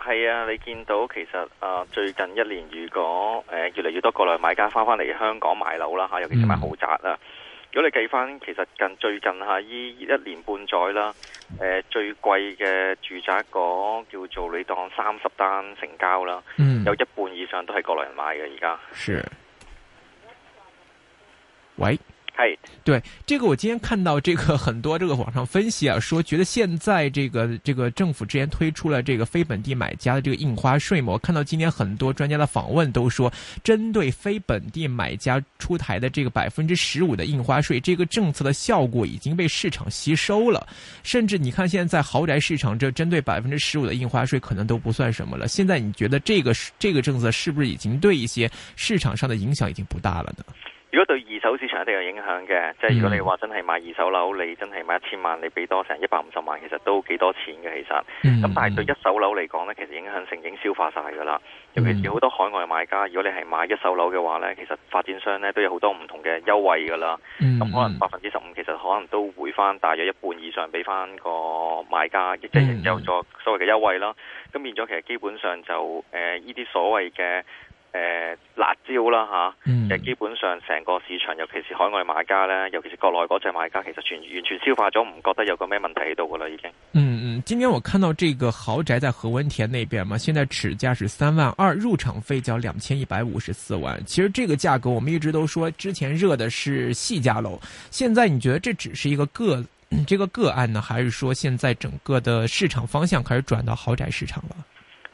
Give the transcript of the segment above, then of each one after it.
係啊，你見到其實啊，最近一年如果誒、呃、越嚟越多國內買家翻翻嚟香港買樓啦嚇，尤其是買豪宅啊。嗯、如果你計翻，其實近最近嚇依一年半載啦，誒、呃、最貴嘅住宅港叫做你當三十單成交啦，嗯、有一半以上都係國內人買嘅而家。是。喂。對，這個我今天看到這個很多這個網上分析啊，說覺得現在這個這個政府之前推出了這個非本地買家的這個印花稅嘛，我看到今天很多專家的訪問都說，針對非本地買家出台的這個百分之十五的印花稅，這個政策的效果已經被市場吸收了，甚至你看現在在豪宅市場，這針對百分之十五的印花稅可能都不算什麼了。現在你覺得這個這個政策是不是已經對一些市場上的影響已經不大了呢？如果對二手市場一定有影響嘅，即係如果你話真係買二手樓，嗯、你真係買一千萬，你俾多成一百五十萬，其實都幾多錢嘅其實。咁、嗯、但係對一手樓嚟講呢，其實影響性已經消化晒㗎喇。尤其是好多海外買家，如果你係買一手樓嘅話呢，其實發展商呢都有好多唔同嘅優惠㗎喇。咁、嗯、可能百分之十五其實可能都會返大約一半以上俾返個買家，嗯、即係有咗所謂嘅優惠啦。咁變咗其實基本上就誒呢啲所謂嘅。呃、辣椒啦吓，哈嗯，基本上成個市場，尤其是海外買家呢，尤其是國內嗰隻買家，其實全完全消化咗，唔覺得有個咩問題喺度㗎喇，已經。嗯嗯，今天我看到這個豪宅，在何文田那邊嘛，現在尺價是三萬二，入場費交兩千一百五十四萬。其實這個價格，我們一直都說之前熱的是細價樓，現在你覺得這只是一個個這個個案呢，還是說現在整個的市場方向開始轉到豪宅市場了？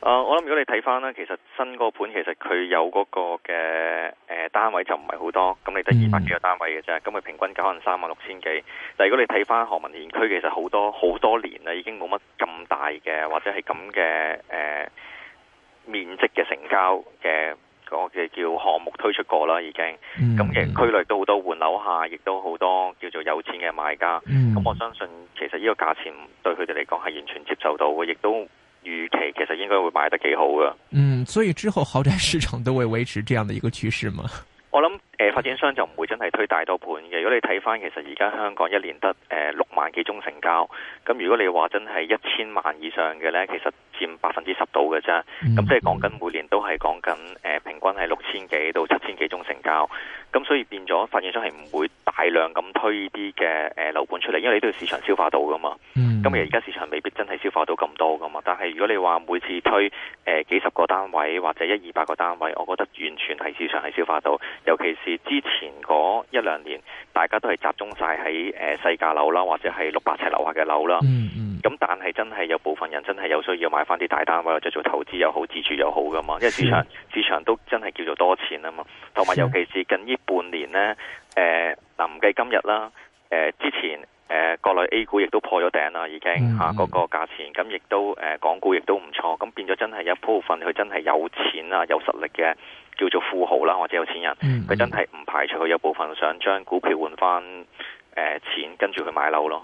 啊，uh, 我諗如果你睇翻咧，其實新個盤其實佢有嗰個嘅誒、呃、單位就唔係好多，咁你得二百幾個單位嘅啫，咁佢、嗯、平均可能三萬六千幾。但係如果你睇翻何文田區，其實好多好多年啦，已經冇乜咁大嘅或者係咁嘅誒面積嘅成交嘅嗰嘅叫項目推出過啦，已經。咁嘅區內都好多換樓下，亦都好多叫做有錢嘅買家。咁、嗯、我相信其實呢個價錢對佢哋嚟講係完全接受到嘅，亦都。預期其實應該會賣得幾好噶嗯，所以之後豪宅市場都會維持這樣的一個趨勢嗎？我諗。誒、呃，發展商就唔會真係推大多盤嘅。如果你睇翻，其實而家香港一年得誒、呃、六萬幾宗成交，咁如果你話真係一千萬以上嘅呢，其實佔百分之十到嘅啫。咁、嗯、即係講緊每年都係講緊誒，平均係六千幾到七千幾宗成交。咁所以變咗，發展商係唔會大量咁推啲嘅誒樓盤出嚟，因為你都要市場消化到噶嘛。咁而家市場未必真係消化到咁多噶嘛。但係如果你話每次推誒、呃、幾十個單位或者一二百個單位，我覺得完全係市場係消化到，尤其是。之前嗰一兩年，大家都係集中晒喺誒細價樓啦，或者係六百尺樓下嘅樓啦。嗯嗯。咁但係真係有部分人真係有需要買翻啲大單位，或者做投資又好、自住又好㗎嘛。因為市場、啊、市場都真係叫做多錢啊嘛。同埋尤其是近呢半年呢，誒嗱唔計今日啦，誒、呃、之前。誒、呃，國內 A 股亦都破咗頂啦，已經吓嗰、嗯、個價錢，咁亦都誒、呃，港股亦都唔錯，咁變咗真係一部分佢真係有錢啊有實力嘅叫做富豪啦、啊，或者有錢人，佢、嗯、真係唔排除佢有部分想將股票換翻誒錢，跟住去買樓咯。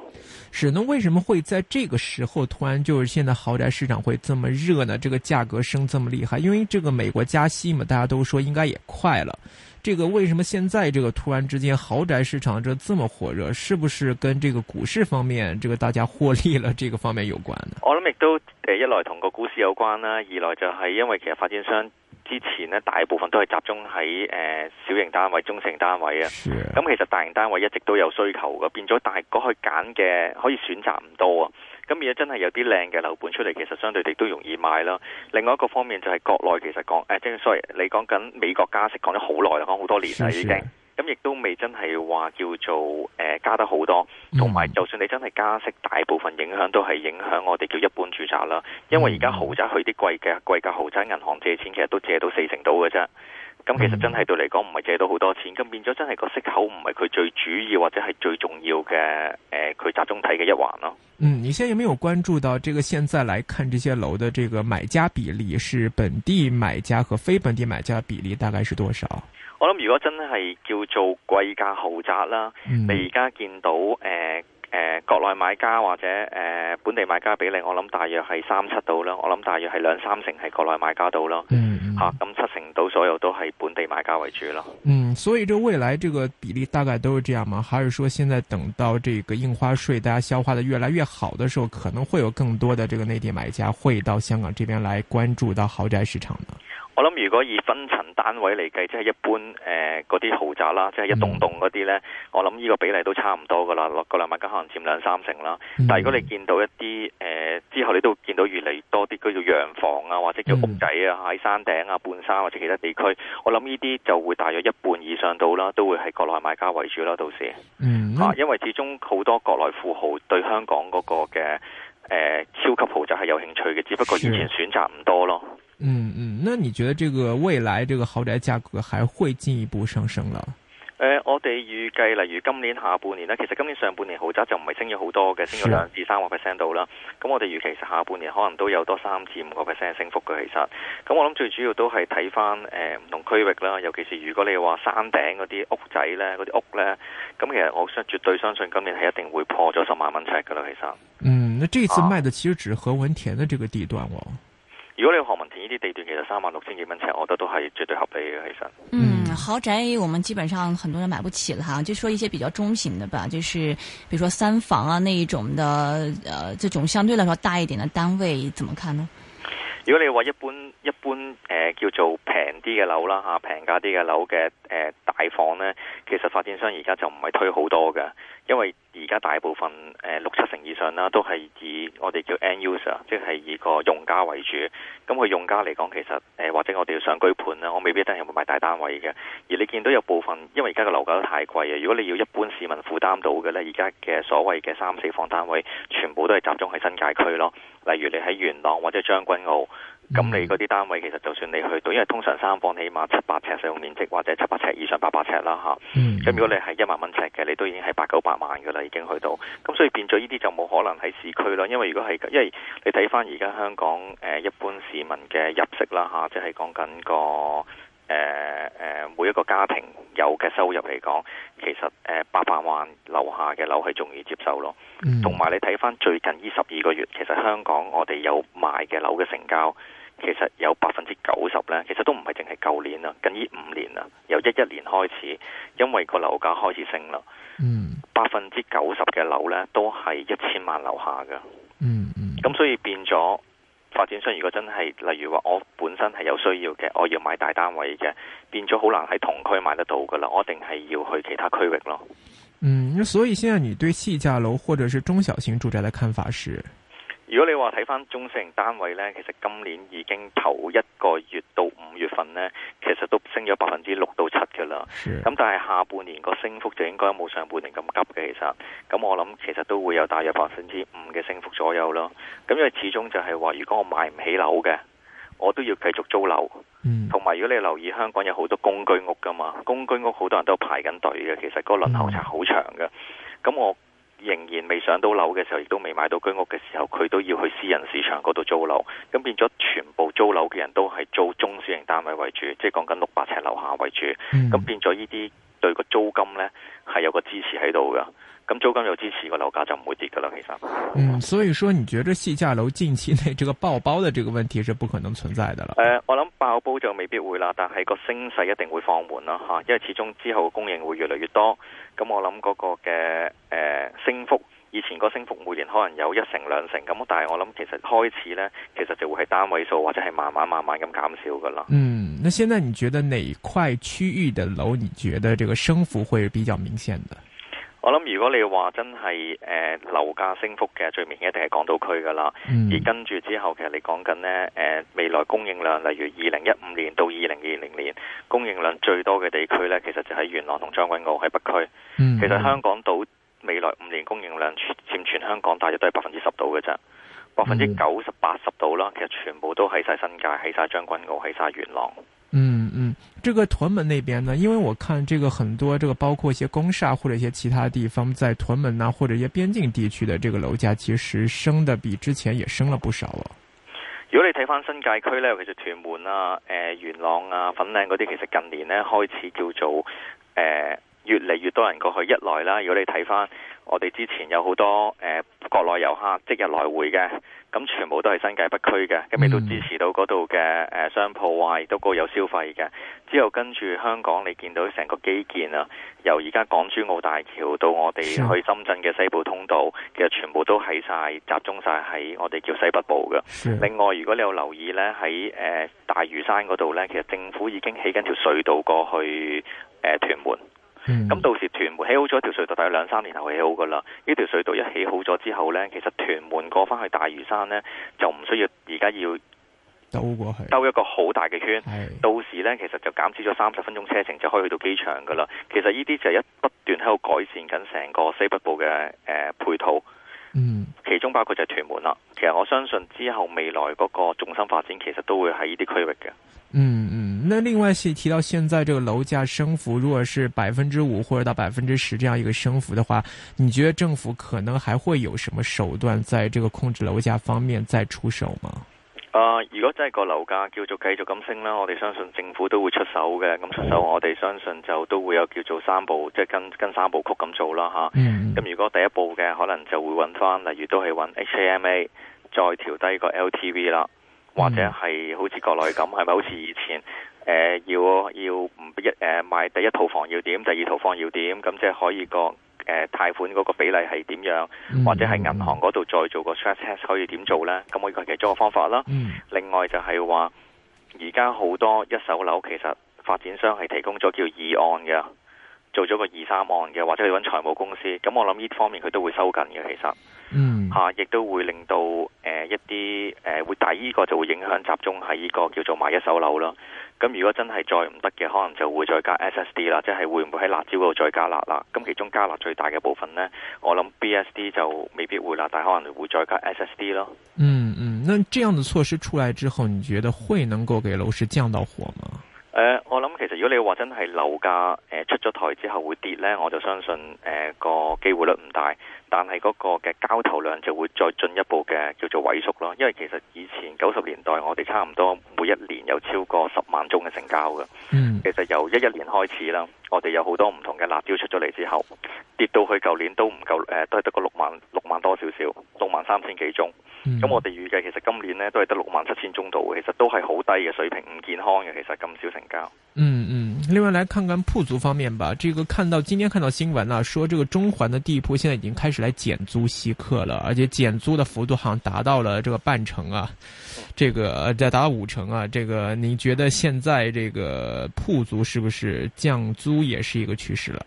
是，那為什麼會在這個時候突然就是現在豪宅市場會這麼熱呢？這個價格升這麼厲害，因為這個美國加息嘛，大家都說應該也快了。這個為什麼現在這個突然之間豪宅市場這這麼火熱，是不是跟這個股市方面，這個大家獲利了這個方面有關呢？我諗亦都誒，一來同個股市有關啦，二來就係因為其實發展商之前呢大部分都係集中喺誒、呃、小型單位、中型單位啊，咁是、嗯、其實大型單位一直都有需求㗎，變咗大家去揀嘅可以選擇唔多啊。咁而真係有啲靚嘅樓盤出嚟，其實相對地都容易賣啦。另外一個方面就係國內，其實講誒，即、呃、係 sorry，你講緊美國加息講咗好耐，講好多年啦已經。咁亦都未真係話叫做誒、呃、加得好多，同埋、嗯、就算你真係加息，大部分影響都係影響我哋叫一般住宅啦。因為而家豪宅去啲貴嘅貴價豪宅銀行借錢，其實都借到四成到嘅啫。咁其實真係對嚟講，唔係借到好多錢，咁變咗真係個息口唔係佢最主要或者係最重要嘅佢集中睇嘅一環咯、哦。嗯，你現在有沒有關注到？這個現在來看，這些樓的這個買家比例，是本地買家和非本地買家的比例大概是多少？我諗如果真係叫做貴價豪宅啦，嗯、你而家見到誒。呃誒、呃、國內買家或者誒、呃、本地買家比例，我諗大約係三七度啦。我諗大約係兩三成係國內買家度咯。嗯，嚇咁、啊、七成度左右都係本地買家為主咯。嗯，所以就未來這個比例大概都是這樣嗎？還是說現在等到這個印花稅大家消化得越來越好的時候，可能會有更多的這個內地買家會到香港這邊來關注到豪宅市場呢？我諗，如果以分層單位嚟計，即係一般誒嗰啲豪宅啦，即係一棟棟嗰啲呢。嗯、我諗呢個比例都差唔多噶啦。國內買家可能佔兩三成啦。嗯、但係如果你見到一啲誒、呃、之後，你都會見到越嚟越多啲叫做洋房啊，或者叫屋仔啊，喺、嗯、山頂啊、半山或者其他地區，我諗呢啲就會大約一半以上到啦，都會係國內買家為主啦。到時，嗯、啊，因為始終好多國內富豪對香港嗰個嘅誒、呃、超級豪宅係有興趣嘅，只不過以前選擇唔多咯。嗯嗯，那你覺得這個未來這個豪宅價格還會進一步上升啦？誒、呃，我哋預計例如今年下半年呢，其實今年上半年豪宅就唔係升咗好多嘅，升咗兩至三個 percent 度啦。咁、啊、我哋預期下半年可能都有多三至五個 percent 升幅嘅。其實，咁我諗最主要都係睇翻誒唔同區域啦，尤其是如果你話山頂嗰啲屋仔咧，嗰啲屋咧，咁其實我相絕對相信今年係一定會破咗十萬蚊尺噶啦。其實，嗯，那這次賣的其實只是何文田嘅這個地段喎、哦。啊、如果你啲地段其實三萬六千幾蚊尺，我覺得都係絕對合理嘅，其實。嗯，豪宅，我們基本上很多人買不起了。就說一些比較中型的吧，就是，比如說三房啊那一種的，呃，這種相對來說大一點的單位，怎麼看呢？如果你話一般一般，誒、呃、叫做平啲嘅樓啦，嚇平價啲嘅樓嘅，誒、呃、大房呢，其實發展商而家就唔係推好多嘅。因為而家大部分誒、呃、六七成以上啦，都係以我哋叫 end user，即係以個用家為主。咁佢用家嚟講，其實、呃、或者我哋要上居盤啦，我未必一定係會買大單位嘅。而你見到有部分，因為而家嘅樓價都太貴啊。如果你要一般市民負擔到嘅咧，而家嘅所謂嘅三四房單位，全部都係集中喺新界區咯。例如你喺元朗或者將軍澳。咁你嗰啲單位其實就算你去到，因為通常三房起碼七百尺使用面積或者七百尺以上八百尺啦吓，咁、嗯、如果你係一萬蚊尺嘅，你都已經係八九百萬㗎啦，已經去到。咁所以變咗呢啲就冇可能喺市區啦，因為如果係因為你睇翻而家香港、呃、一般市民嘅入息啦、啊、即係講緊個、呃呃、每一個家庭有嘅收入嚟講，其實八百、呃、萬樓下嘅樓係仲易接受咯。同埋、嗯、你睇翻最近呢十二個月，其實香港我哋有賣嘅樓嘅成交。其實有百分之九十咧，其實都唔係淨係舊年啦，近呢五年啦，由一一年開始，因為個樓價開始升啦、嗯嗯，嗯，百分之九十嘅樓咧都係一千萬樓下噶，嗯嗯，咁所以變咗發展商如果真係，例如話我本身係有需要嘅，我要買大單位嘅，變咗好難喺同區買得到噶啦，我一定係要去其他區域咯。嗯，所以現在你對細價樓或者是中小型住宅的看法是？如果你話睇翻中小型單位呢，其實今年已經頭一個月到五月份呢，其實都升咗百分之六到七嘅啦。咁的但係下半年個升幅就應該冇上半年咁急嘅，其實。咁我諗其實都會有大約百分之五嘅升幅左右咯。咁因為始終就係話，如果我買唔起樓嘅，我都要繼續租樓。同埋、嗯、如果你留意香港有好多公居屋噶嘛，公居屋好多人都排緊隊嘅，其實個輪候冊好長嘅。咁我、嗯。嗯仍然未上到樓嘅時候，亦都未買到居屋嘅時候，佢都要去私人市場嗰度租樓，咁變咗全部租樓嘅人都係租中小型單位為主，即係講緊六百尺樓下為主，咁、嗯、變咗呢啲對個租金呢，係有個支持喺度噶，咁租金有支持，個樓價就唔會跌噶啦，其實。嗯，所以說你覺得細價樓近期內這個爆煲嘅這個問題是不可能存在的了。呃、我諗機會啦，但係個升勢一定會放緩啦吓，因為始終之後供應會越嚟越多，咁我諗嗰個嘅誒升幅，以前個升幅每年可能有一成兩成咁，但係我諗其實開始咧，其實就會係單位數或者係慢慢慢慢咁減少噶啦。嗯，那現在你覺得哪塊區域嘅樓，你覺得這個升幅會比較明顯的？我諗如果你話真係誒、呃、樓價升幅嘅最明顯一定係港島區噶啦，嗯、而跟住之後其實你講緊呢誒未來供應量，例如二零一五年到二零二零年供應量最多嘅地區呢，其實就喺元朗同將軍澳喺北區。嗯、其實香港島未來五年供應量佔全,全,全香港大約都係百分之十度嘅啫，百分之九十八十度啦，嗯、其實全部都喺晒新界，喺晒將軍澳，喺晒元朗。嗯嗯。嗯這個屯門那邊呢，因為我看這個很多，這個包括一些公廈或者一些其他地方，在屯門啊或者一些邊境地區的這個樓價，其實升得比之前也升了不少哦。如果你睇翻新界區呢，其實屯門啊、誒、呃、元朗啊、粉嶺嗰啲，其實近年呢開始叫做誒、呃、越嚟越多人過去一來啦。如果你睇翻我哋之前有好多誒、呃、國內遊客即日來回嘅。咁全部都係新界北區嘅，咁亦都支持到嗰度嘅商鋪啊，亦都高有消費嘅。之後跟住香港，你見到成個基建啊，由而家港珠澳大橋到我哋去深圳嘅西部通道，的其實全部都喺晒集中晒喺我哋叫西北部嘅。的另外，如果你有留意呢，喺、呃、大嶼山嗰度呢，其實政府已經起緊條隧道過去、呃、屯門。咁、嗯、到時屯門起好咗條隧道，大約兩三年後起好㗎喇。呢條隧道一起好咗之後呢，其實屯門過返去大嶼山呢，就唔需要而家要兜過去，兜一個好大嘅圈。到時呢，其實就減少咗三十分鐘車程，就可以去到機場㗎喇。其實呢啲就係一不斷喺度改善緊成個西北部嘅誒配套。呃嗯、其中包括就係屯門啦。其實我相信之後未來嗰個重心發展，其實都會喺呢啲區域嘅。嗯那另外係提到現在這個樓價升幅，如果是百分之五或者到百分之十這樣一個升幅的話，你覺得政府可能還會有什麼手段在這個控制樓價方面再出手嗎？啊、呃，如果真係個樓價叫做繼續咁升啦，我哋相信政府都會出手嘅。咁出手我哋相信就都會有叫做三步，即、就、係、是、跟跟三部曲咁做啦吓。咁、嗯、如果第一步嘅可能就會揾翻，例如都係揾 HKMA 再調低個 LTV 啦，或者係好似國內咁，係咪、嗯、好似以前？誒、呃、要要唔一、呃、買第一套房要點，第二套房要點，咁即係可以個誒、呃、貸款嗰個比例係點樣，mm hmm. 或者係銀行嗰度再做個 stress test 可以點做咧？咁可以係其中個方法啦。Mm hmm. 另外就係話，而家好多一手樓其實發展商係提供咗叫二案嘅，做咗個二三案嘅，或者去揾財務公司。咁我諗呢方面佢都會收緊嘅，其實嚇，亦、mm hmm. 啊、都會令到、呃、一啲誒、呃、會抵依個就會影響集中喺呢個叫做買一手樓啦咁如果真係再唔得嘅，可能就會再加 SSD 啦，即係會唔會喺辣椒度再加辣啦？咁其中加辣最大嘅部分呢，我諗 BSD 就未必會啦，但係可能會再加 SSD 咯。嗯嗯，那這樣的措施出來之後，你覺得會能夠給樓市降到火嗎？呃，我諗。其實如果你話真係樓價誒出咗台之後會跌呢，我就相信誒、呃、個機會率唔大。但係嗰個嘅交投量就會再進一步嘅，叫做萎縮咯。因為其實以前九十年代我哋差唔多每一年有超過十萬宗嘅成交嘅。嗯、其實由一一年開始啦，我哋有好多唔同嘅辣招出咗嚟之後，跌到去舊年都唔夠誒、呃，都係得個六萬六萬多少少，六萬三千幾宗。咁、嗯、我哋預計其實今年呢都係得六萬七千宗度，其實都係好低嘅水平，唔健康嘅。其實咁少成交。嗯嗯嗯，另外來看看鋪租方面吧。這個看到今天看到新聞啊，說這個中環的地鋪現在已經開始來減租吸客了，而且減租的幅度好像達到了這個半成啊，嗯、這個再、啊、達到五成啊。這個你覺得現在這個鋪租是不是降租也是一個趨勢了？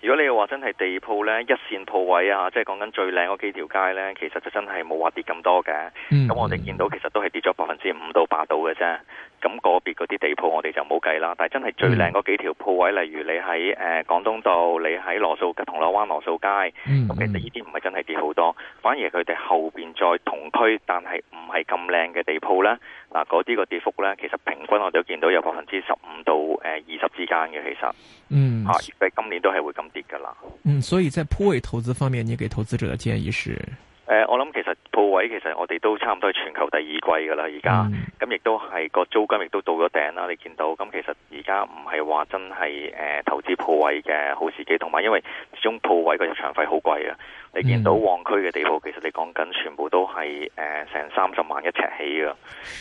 如果你話真係地鋪呢，一線鋪位啊，即係講緊最靚嗰幾條街呢，其實就真係冇話跌咁多嘅。嗯。咁我哋見到其實都係跌咗百分之五到八度嘅啫。咁個別嗰啲地鋪我哋就冇計啦，但係真係最靚嗰幾條鋪位，嗯、例如你喺誒、呃、廣東道，你喺羅素嘅銅鑼灣羅素街，咁其實呢啲唔係真係跌好多，反而佢哋後邊再同區，但係唔係咁靚嘅地鋪呢，嗱，嗰啲個跌幅呢，其實平均我哋都見到有百分之十五到誒二十之間嘅，其實，嗯，喺、啊、今年都係會咁跌噶啦。嗯，所以在鋪位投資方面，你給投資者嘅建議是？誒、呃，我諗其實鋪位其實我哋都差唔多係全球第二季噶啦，而家咁亦都係個租金亦都到咗頂啦。你見到咁，其實而家唔係話真係誒、呃、投資鋪位嘅好時機，同埋因為始終鋪位個入場費好貴啊。你見到旺區嘅地鋪，其實你講緊全部都係誒成三十萬一尺起噶，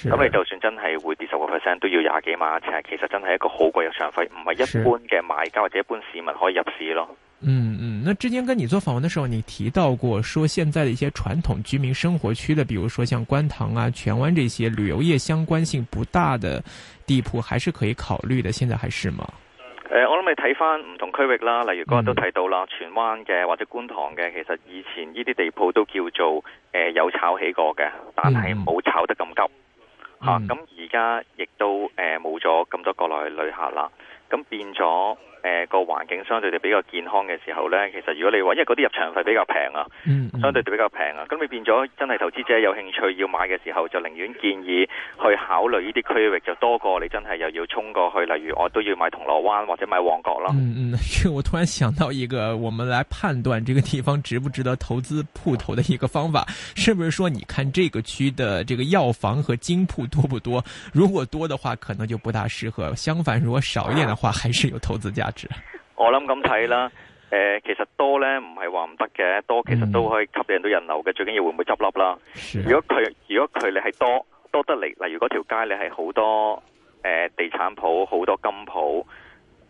咁的你就算真係會跌十個 percent，都要廿幾萬一尺。其實真係一個好貴入場費，唔係一般嘅買家或者一般市民可以入市咯。嗯嗯，那之前跟你做訪問的時候，你提到過說，現在的一些傳統居民生活區的，比如說像觀塘啊、荃灣這些旅遊業相關性不大的地鋪，還是可以考慮的。現在還是嗎？呃、我諗你睇翻唔同區域啦，例如今日都提到啦，嗯、荃灣嘅或者觀塘嘅，其實以前呢啲地鋪都叫做、呃、有炒起過嘅，但係冇炒得咁急吓。咁而家亦都誒冇咗咁多國內旅客啦。咁變咗誒、呃、個環境相對地比較健康嘅時候呢，其實如果你話，因為嗰啲入場費比較平啊，嗯、相對地比較平啊，咁你變咗真係投資者有興趣要買嘅時候，就寧願建議去考慮呢啲區域，就多過你真係又要衝過去，例如我都要買銅鑼灣或者買旺角啦。嗯嗯，我突然想到一個，我們來判斷這個地方值不值得投資鋪頭的一個方法，是不是說你看這個區的這個藥房和金鋪多不多？如果多的話，可能就不大適合；相反，如果少一點的話，啊話還是有投資價值。我諗咁睇啦，誒、呃，其實多咧唔係話唔得嘅，多其實都可以吸引到人流嘅。嗯、最緊要會唔會執笠啦？如果佢如果佢你係多多得嚟，例如嗰條街你係好多誒、呃、地產鋪，好多金鋪，誒、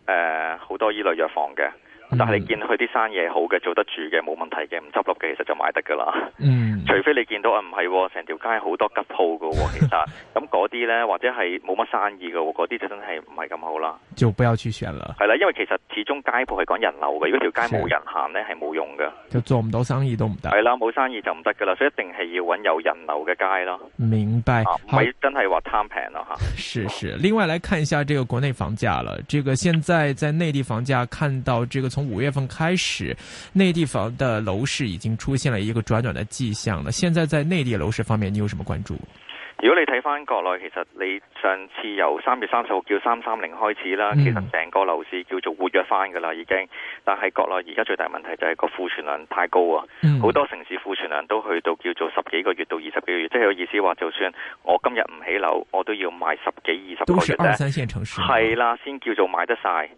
呃、好多醫類藥房嘅。但係你見佢啲生意好嘅，做得住嘅，冇問題嘅，唔執笠嘅，其實就買得噶啦。嗯。除非你見到啊，唔係成條街好多吉鋪噶喎，其實咁嗰啲咧，或者係冇乜生意噶，嗰啲就真係唔係咁好啦。就不要去選啦。係啦，因為其實始終街鋪係講人流嘅，如果條街冇人行咧，係冇是用嘅。就做唔到生意都唔得。係啦，冇生意就唔得噶啦，所以一定係要揾有人流嘅街咯。明白。唔係、啊、真係話貪平咯吓。啊、是是，另外來看一下這個國內房價啦。這個現在在內地房價看到這個。從五月份開始，內地房嘅樓市已經出現了一個轉暖的迹象了。現在在內地樓市方面，你有什麼關注？如果你睇翻國內，其實你上次由三月三十號叫三三零開始啦，嗯、其實成個樓市叫做活躍翻噶啦已經。但係國內而家最大問題就係個庫存量太高啊，好、嗯、多城市庫存量都去到叫做十幾個月到二十幾個月，即、就、係、是、有意思話就算我今日唔起樓，我都要賣十幾二十個月。都是二三線城市。係啦，先叫做賣得晒。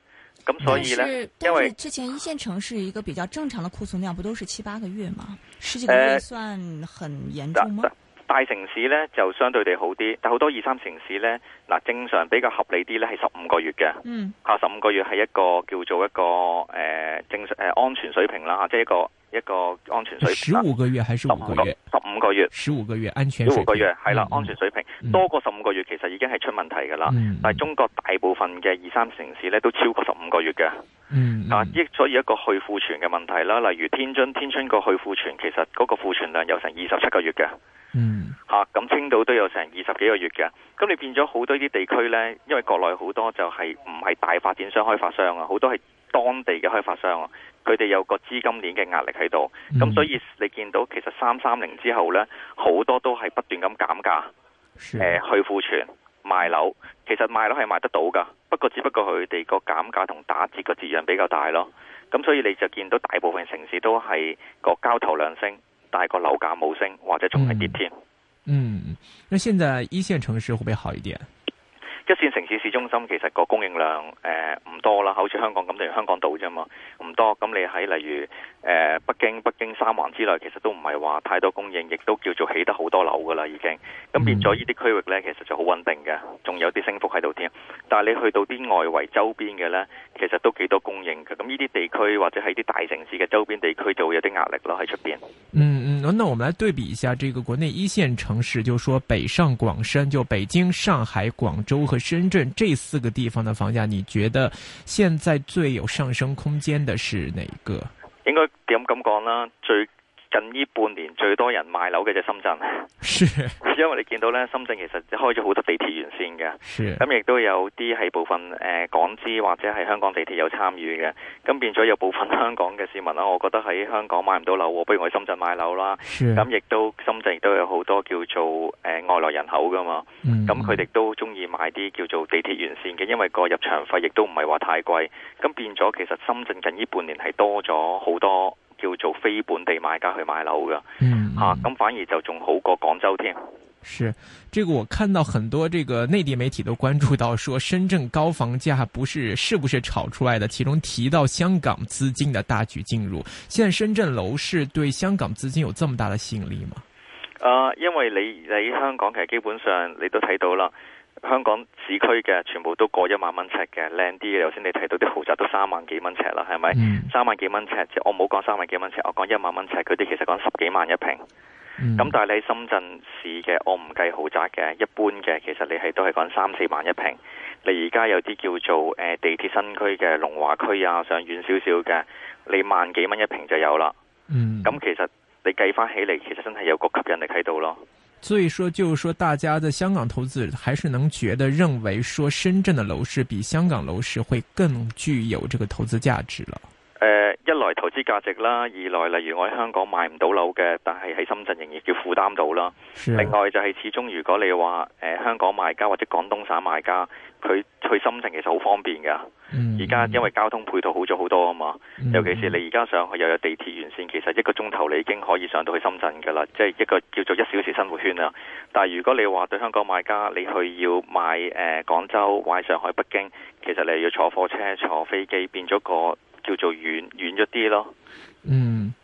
咁所以呢，是因為之前一線城市一個比較正常的庫存量，不都是七八個月嘛？十幾個月算很嚴重嗎、呃呃？大城市呢，就相對地好啲，但好多二三城市呢，嗱正常比較合理啲呢，係十五個月嘅。嗯，嚇十五個月係一個叫做一個誒、呃、正常誒、呃、安全水平啦嚇，即係一個一個安全水平。十五個月還是五個月？十五個月，十五個月，安全十五個月係啦，安全水平多過十五個月，嗯、個月其實已經係出問題噶啦。嗯、但係中國大部分嘅二三城市咧，都超過十五個月嘅。嗯，嗱、啊，亦所以一個去庫存嘅問題啦，例如天津，天津個去庫存其實嗰個庫存量有成二十七個月嘅。嗯，吓咁、啊，青島都有成二十幾個月嘅。咁你變咗好多啲地區咧，因為國內好多就係唔係大發展商開發商啊，好多係當地嘅開發商啊。佢哋有個資金鏈嘅壓力喺度，咁所以你見到其實三三零之後呢，好多都係不斷咁減價，啊呃、去庫存賣樓，其實賣樓係賣得到㗎，不過只不過佢哋個減價同打折個節量比較大咯。咁所以你就見到大部分城市都係個交投量升，但係個樓價冇升或者仲係跌添，嗯。嗯，那現在一線城市會唔會好一點？一線城市市中心其實個供應量誒唔、呃、多啦，好似香港咁，定香港島啫嘛，唔多。咁你喺例如誒、呃、北京、北京三環之內其實都唔係話太多供應，亦都叫做起得好多樓噶啦，已經咁變咗呢啲區域咧，其實就好穩定嘅，仲有啲升幅喺度添。但係你去到啲外圍周邊嘅咧，其實都幾多供應嘅。咁呢啲地區或者喺啲大城市嘅周邊地區就會有啲壓力咯，喺出邊嗯嗯，好、嗯，嗱我哋來對比一下，這個國內一線城市，就說北上廣深，就北京、上海、廣州深圳這四個地方的房價，你覺得現在最有上升空間的是哪一個？應該點咁講啦，最近呢半年最多人買樓嘅就深圳， 因為你見到咧，深圳其實開咗好多地鐵沿線嘅，咁亦 都有啲係部分、呃、港資或者係香港地鐵有參與嘅，咁變咗有部分香港嘅市民啦，我覺得喺香港買唔到樓，我不如去深圳買樓啦。咁亦 都深圳亦都有好多叫做誒、呃、外來人口噶嘛，咁佢哋都中意買啲叫做地鐵沿線嘅，因為個入場費亦都唔係話太貴，咁變咗其實深圳近呢半年係多咗好多。叫做非本地買家去買樓㗎，嗯吓咁、啊、反而就仲好過廣州添。是，這個我看到很多這個內地媒體都關注到，說深圳高房價不是是不是炒出來的？其中提到香港資金的大舉進入，現在深圳樓市對香港資金有這麼大的吸引力嗎？誒、呃，因為你你香港其實基本上你都睇到啦。香港市區嘅全部都過一萬蚊尺嘅，靚啲嘅。頭先你提到啲豪宅都三萬幾蚊尺啦，係咪？Mm. 三萬幾蚊尺，我冇講三萬幾蚊尺，我講一萬蚊尺佢啲，其實講十幾萬一平。咁、mm. 但係你喺深圳市嘅，我唔計豪宅嘅，一般嘅其實你係都係講三四萬一平。你而家有啲叫做、呃、地鐵新區嘅龍華區啊，上遠少少嘅，你萬幾蚊一平就有啦。咁、mm. 其實你計翻起嚟，其實真係有個吸引力喺度咯。所以說，就是說，大家在香港投資，還是能覺得認為說，深圳的樓市比香港樓市會更具有這個投資價值了。一來投資價值啦，二來例如我喺香港買唔到樓嘅，但係喺深圳仍然叫負擔到啦。是啊、另外就係始終如果你話、呃、香港買家或者廣東省買家，佢去深圳其實好方便嘅。而家、嗯、因為交通配套好咗好多啊嘛，嗯、尤其是你而家上去又有地鐵沿線，其實一個鐘頭你已經可以上到去深圳噶啦，即、就、係、是、一個叫做一小時生活圈啊。但係如果你話對香港買家，你去要買誒、呃、廣州、或者上海、北京，其實你要坐火車、坐飛機，變咗個，叫做遠遠咗啲咯，嗯，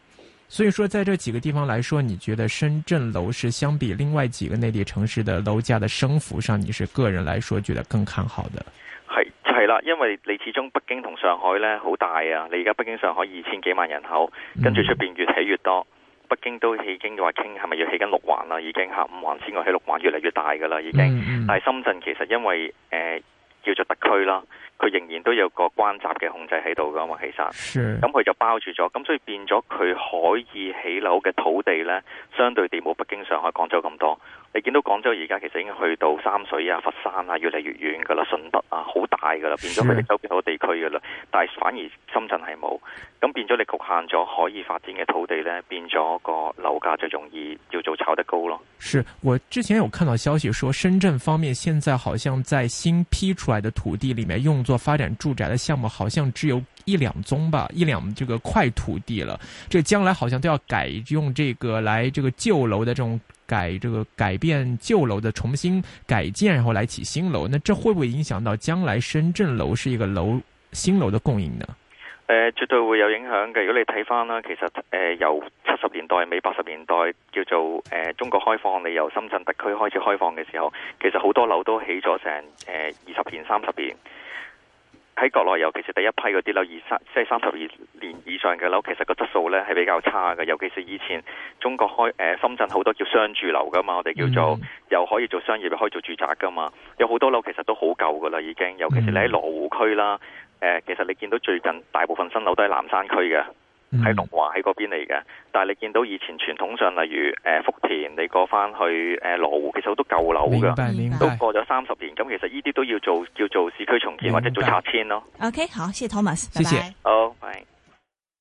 所以說在這幾個地方來說，你覺得深圳樓市相比另外幾個內地城市的樓價的升幅上，你是個人來說覺得更看好的？係係啦，因為你始終北京同上海呢好大啊，你而家北京上海二千幾萬人口，跟住出邊越起越多，嗯、北京都已經話傾係咪要起緊六環啦，已經吓五環先個起六環越嚟越大噶啦已經，嗯、但係深圳其實因為誒。呃叫做特區啦，佢仍然都有個關閘嘅控制喺度噶嘛，其實，咁佢是、嗯、就包住咗，咁、嗯、所以變咗佢可以起樓嘅土地呢，相對地冇北京、上海、廣州咁多。你見到廣州而家其實已經去到三水啊、佛山啊，越嚟越遠噶啦，順德啊，好大噶啦，變咗佢哋周邊好多地區噶啦。但係反而深圳係冇，咁變咗你局限咗可以發展嘅土地咧，變咗個樓價就容易叫做炒得高咯。是，我之前有看到消息，說深圳方面現在好像在新批出來的土地裡面，用作發展住宅的項目，好像只有。一兩宗吧，一兩這個塊土地了，這個、將來好像都要改用這個來這個舊樓的這種改這個改變舊樓的重新改建，然後來起新樓，那這會不會影響到將來深圳樓是一個樓新樓的供應呢？誒、呃，絕對會有影響嘅。如果你睇翻啦，其實誒由七十年代尾八十年代叫做誒、呃、中國開放，你由深圳特區開始開放嘅時候，其實好多樓都起咗成誒二十年三十年。喺國內，尤其是第一批嗰啲樓二三，即係三十二年以上嘅樓，其實個質素咧係比較差嘅。尤其是以前中國開誒深圳好多叫商住樓噶嘛，我哋叫做、嗯、又可以做商業又可以做住宅噶嘛，有好多樓其實都好舊噶啦已經。尤其是你喺羅湖區啦，呃、其實你見到最近大部分新樓都係南山區嘅。喺龍華喺嗰邊嚟嘅，但係你見到以前傳統上，例如誒福田，你過翻去誒羅湖，其實好多舊樓嘅，都過咗三十年，咁其實呢啲都要做叫做市區重建，明白，或者做拆遷咯。OK，好，謝謝 Thomas，拜拜，謝謝，好，拜。